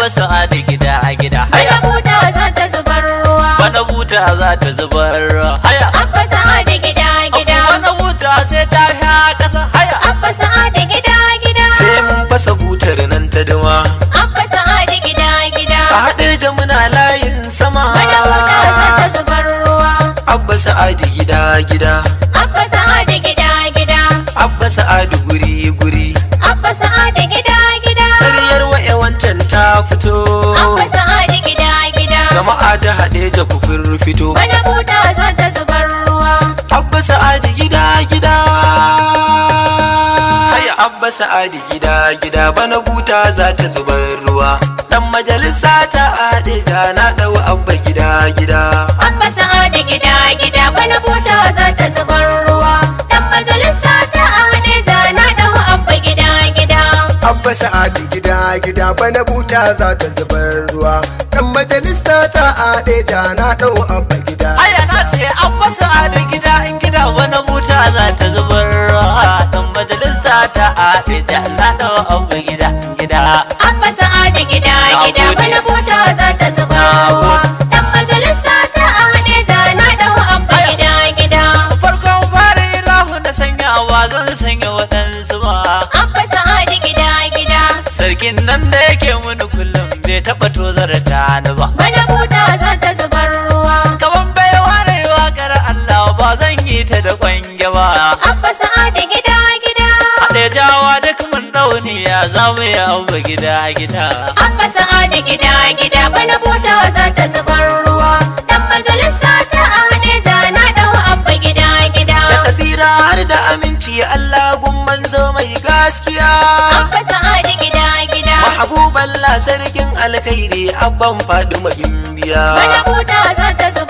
basu hada gida a gida haya buta za ta zubar ruwa wani buta za ta zubar ruwa haya abba sa'ada gida gida wani buta sai ta sha kasa haya abba sa'ada gida gida sai mun fasa butar nan ta duma abba sa'ada gida gida a haɗe da muna layin sama wani buta za ta zubar ruwa abba sa'ada gida gida abba sa'ada gida gida abba sa'adu ta haɗe ja kufin fito wani buta za ta zubar ruwa abba sa'adi gida gida haya abba sa'adi gida gida bana buta za ta zubar ruwa dan majalisa ta haɗe ja na ɗau abba gida gida abba sa'adi gida gida bana buta za ta zubar abba sa'adi gida gida bana buta za ta zubar ruwa dan majalista ta ade na dau abba gida aya na ce abba sa'adi gida gida bana buta za ta zubar ruwa dan majalista ta ade na ba abba sa'adi gida gida haɗe jawa duk mun dauniya za mu yi abu gida gida abba sa'adi gida gida bana buta za ta zubar ruwa dan majalisa ta a haɗe ja na dawo abba gida gida da tasira har da aminci Allah gumman zo mai gaskiya abba sa'adi gida gida mahabuban la sarkin alkhairi abban faɗi mahimmiya. bana wa za ta zubar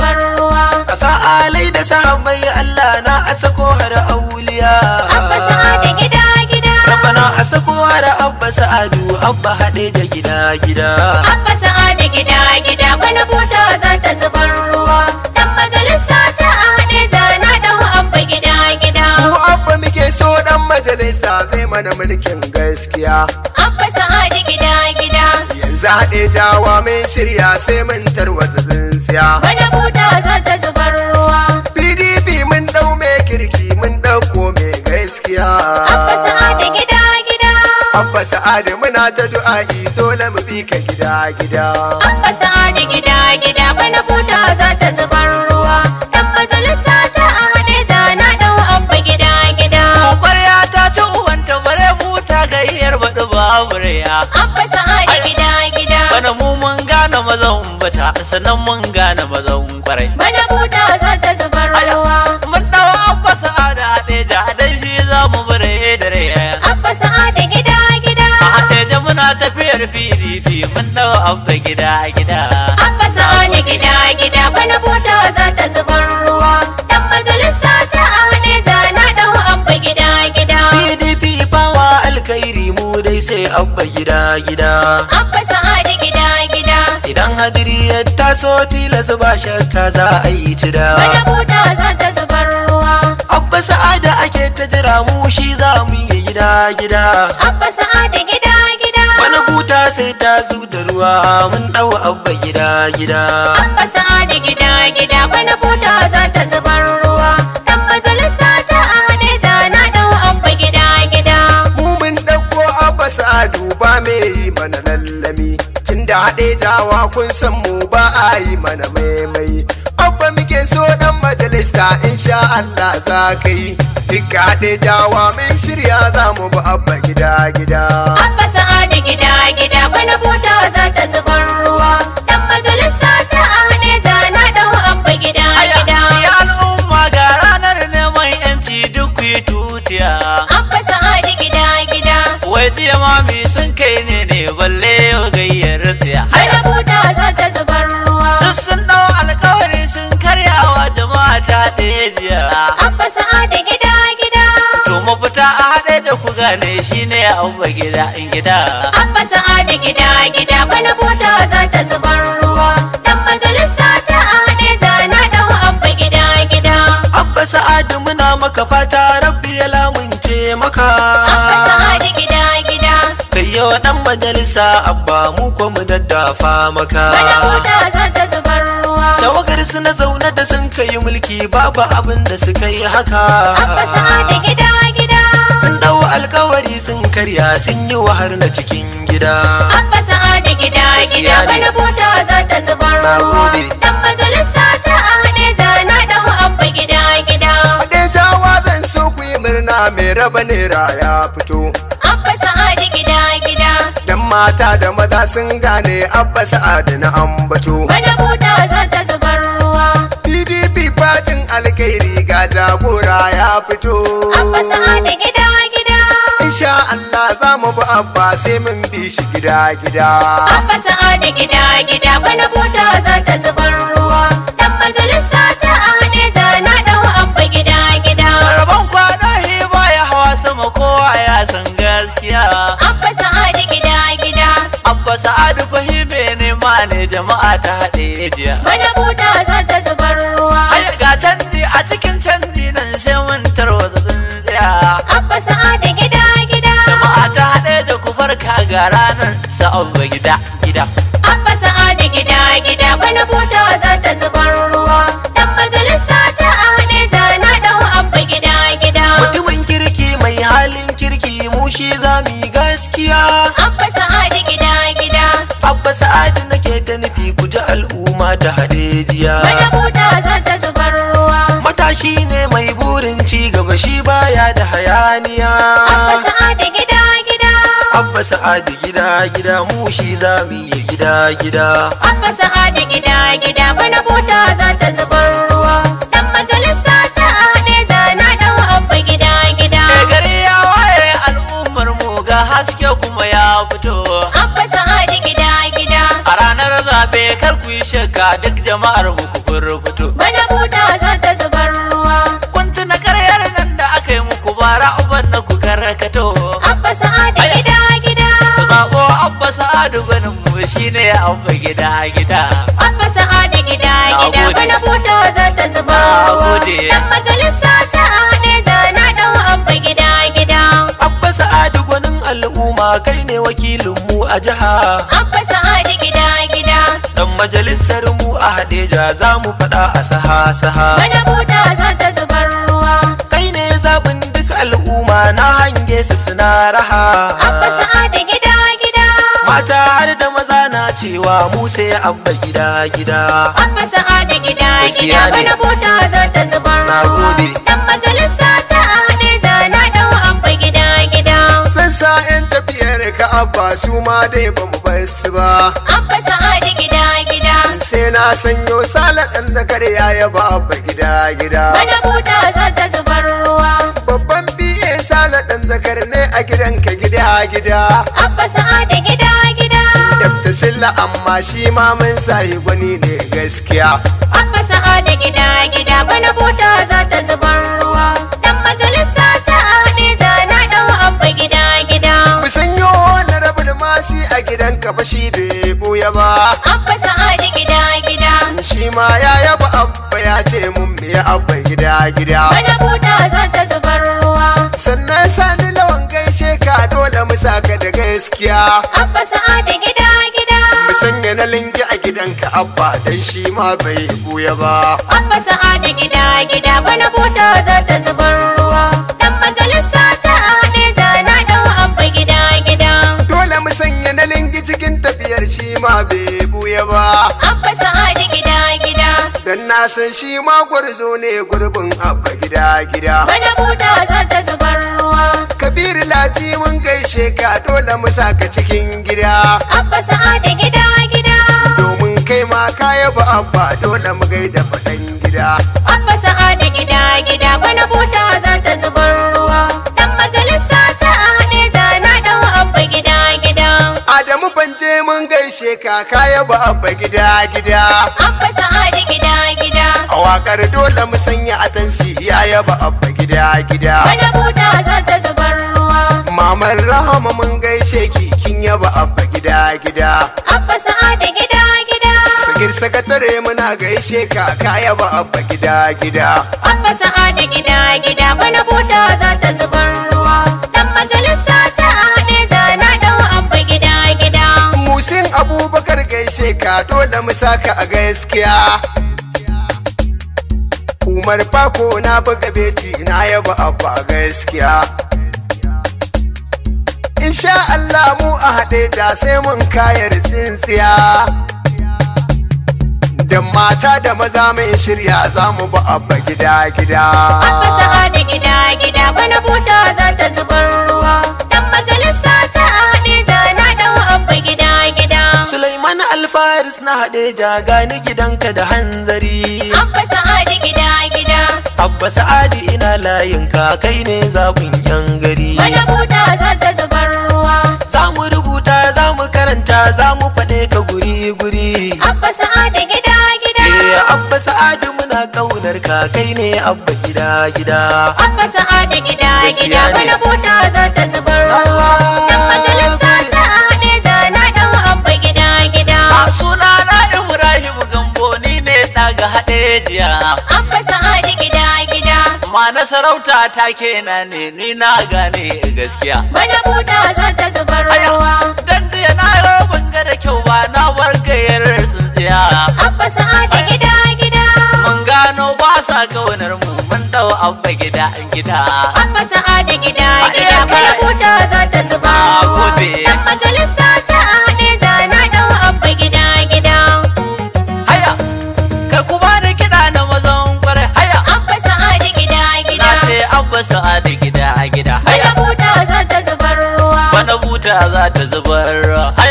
sa'alai da sahabbai Allah na asako har auliya abba da gida gida rabbana asako har abba sa'adu abba hade da gida gida abba da gida gida wani buta za ta zubar ruwa dan majalisa ta a hade na da abba gida gida Ku abba muke so dan majalisa zai mana mulkin gaskiya abba gida gida zaɗe jawa mun shirya sai mun tarwatsa zinsiya. bana buta za ta zubar ruwa pdp mun ɗau mai kirki mun ɗauko mai gaskiya abba sa'adu gida gida abba sa'adu muna ta du'a dole mu bi ka gida gida abba sa'adu gida gida bana buta za ta zubar ruwa dan majalisa a na ɗau ta ci uwanta buta sannan mun gane bazan kwarai Bana buta za ta zubar ruwa mun dawo abba sa'ada hadeja dan shi za mu bare da rai abba sa'ada gida gida hadeja muna tafiyar fifi mun dawo abba gida gida abba sa'ada gida gida Bana buta za ta zubar ruwa dan majalisa ta a hadeja na dawo abba gida gida pdp bawa alkhairi mu dai sai abba gida gida abba sa'ada idan hadiri ya taso tilas ba shakka za a yi cida wata buta za ta zubar ruwa abba sa'ada ake ta jira mu shi za mu yi gida gida abba sa'ada gida gida wani buta sai ta zub da ruwa mun dau abba gida gida abba sa'ada gida gida wani buta za ta zubar ruwa dan majalisa ta a hane ta na dau abba gida gida mu mun dauko abba sa'adu ba me yi mana lalle da haɗe jawa kun san mu ba a yi mana maimai abba muke so dan majalista insha Allah za ka yi duka haɗe jawa mun shirya za mu bi abba gida gida ta ɗaya jiya abba sa'ada gida gida to fita a haɗe da ku gane shine abba gida in gida abba sa'ada gida gida Bala buta za ta zubar ruwa dan majalisa ta a haɗe jana da abba gida gida abba sa'ada muna maka fata rabbi ya lamunce maka abba sa'ada gida gida kai yawa dan majalisa abba mu ko mu daddafa maka Bala buta za ta zubar tawagar su na zaune da sun kai mulki babu abin da suka yi haka abbasa da gida gida an dawo alkawari sun karya sun yi wahar na cikin gida abbasa da gida gida bala bota za ta zubar ruwa dan majalisa ta a jana na mu abba gida gida jawa zan so ku yi murna mai raba naira ya fito abbasa da gida gida dan mata da maza sun gane abba sa'adu na ambato bala kai riga jagora ya fito abba sa'ada gida gida insha Allah za mu bi abba sai mun bi shi gida gida abba sa'ada gida gida bana buta za ta zubar ruwa dan majalisa ta a hade ta na dawo abba gida gida rabon kwada ba ya hawa sama kowa ya san gaskiya abba sa'ada gida gida abba sa'adu fahime ne ma ne jama'a ta daga ranar sa'abba gida gida an ba gida gida wani budawa za ta zubar ruwa dan majalisa ta a haɗe jana da abba gida gida mutumin kirki mai halin kirki mu shi za mu yi gaskiya abba sa'adi gida gida abba sa'adi nake ta nufi ku ji al'umma ta haɗe jiya wani za ta zubar ruwa matashi ne mai burin ci gaba shi baya da hayaniya abba sa'adi gida abba sa'adu gida gida mu shi za mu yi gida gida abba sa'adu gida gida bana bota za ta zubar ruwa dan majalisa ta a haɗe na dawo abba gida gida e gari ya waye al'ummar mu ga haske kuma ya fito abba sa'adu gida gida a ranar zabe kar ku yi shakka duk jama'ar mu shine ya auka gida gida abba sa'ada gida gida bana buta za ta zuba dan majalisa ta hade da na dau abba gida gida abba Sa'adu gwanin al'umma kai ne wakilin mu a jiha abba Sa'adu gida gida dan majalisar mu a hadeja za mu faɗa a saha saha bana buta za ta zubar ruwa kai ne zaɓin duk al'umma na hange su suna raha abba sa'ada gida mata har da maza na cewa mu sai abba gida gida abba da gida gida bana buta za ta zubar ruwa dan majalisa ta haɗe da na dawo abba gida gida san sa'in tafiyar ka abba su ma dai ba mu bar su ba abba da gida gida sai na sanyo salatan da kare ya ba abba gida gida Bana buta za ta zubar ruwa babban biye salatan zakar ne a gidanka gida gida abba sa'ada da silla amma shi ma mun sahi gwani ne gaskiya abba sa'a da gida gida bana buta za ta zubar ruwa dan majalisa ta ne za na dawo abba gida gida musan yo na rabu da masi a gidan ka ba shi bai buya ba abba sa'a da gida gida shi ma ya yaba abba ya ce mun me abba gida gida bana buta za ta zubar ruwa sannan sani lawan gaishe ka dole mu saka da gaskiya abba sa'a da gida sanya na linki a gidanka abba dan shi ma bai buya ba abba sa'ada gida gida bana buta za ta zubar ruwa dan majalisa ta hade haɗe ta na dau abba gida gida dole mu sanya na linki cikin tafiyar shi ma bai buya ba abba sa'ada gida gida dan na san shi ma gurzo ne gurbin abba gida gida bana buta za ta zubar ruwa kabiru lati mun gaishe ka dole mu saka cikin gida abba sa'ada kaya yaba abba dole mu gaida faɗan gida. Abba sa'ada gida gida wani buta za ta zubar ruwa. Dan majalisa ta a haɗe ta na ɗau abba gida gida. Adamu ban je mun gaishe ka kaya yaba abba gida gida. Abba sa'ada gida gida. A waƙar dole mu sanya a adansi ya yaba abba gida gida. Wani buta za ta zubar ruwa. Maman rahama mun gaishe ki kin yaba abba gida gida. sakatare muna gaishe ka kaya ba abba gida gida abba sa'ada gida gida bana buta za ta zubar ruwa dan majalisa ta haɗe zana dawo abba gida gida musin abubakar gaishe ka dole mu saka a gaskiya umar fako na buga beti na yaba abba gaskiya insha Allah mu a haɗe da sai mun kayar tsintsiya da mata da maza mai shirya za mu ba abba gida gida abba gida gida bana buta za ta zubar ruwa dan majalisa ta haɗe da na dawo abba gida gida Suleiman Alfaris na haɗe ja gani gidanka da hanzari abba sa'a gida gida abba sa'adi ina layin ka kai ne zagun yan gari bana buta za ta zubar ruwa za mu rubuta za mu karanta za mu sa'adu muna kaunar ka kai ne abba gida gida abba sa'adu gida gida bana buta za ta zubar ruwa dan majalisa ta haɗe da na dan abba gida gida suna na ibrahim gambo ni ne daga haɗe jiya abba sa'adu gida gida ma na sarauta ta kena ne ni na gane gaskiya bana buta za ta zubar ruwa dan jiya na rabin ga da kyau ba na wargayar tsintsiya abba gida gida amma sa'ada gida gida kai huta za ta zuba gobe dan majalisa ta a haɗe da na ɗau abba gida gida haya kai kuma da kiɗa na mazan kwarai haya amma sa'ada gida gida na ce amma sa'ada gida gida haya buta za ta zubar ruwa Bana buta za ta zubar ruwa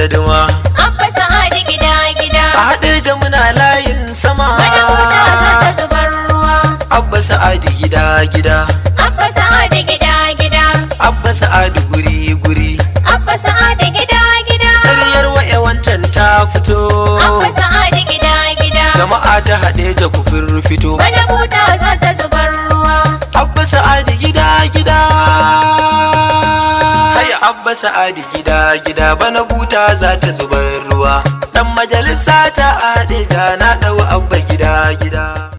ta duma abba sa'adi gida gida a haɗe da muna layin sama wuta za ta zubar ruwa abba sa'adi gida gida abba sa'adi gida gida abba sa'adi guri guri abba sa'adi gida gida karyar wa'e wancan ta fito abba sa'adi gida gida jama'a ta haɗe da kufin fito madabuta ba sa'adi gida gida bana buta za ta zubar ruwa dan majalisa ta haɗe ta na ɗau abba gida gida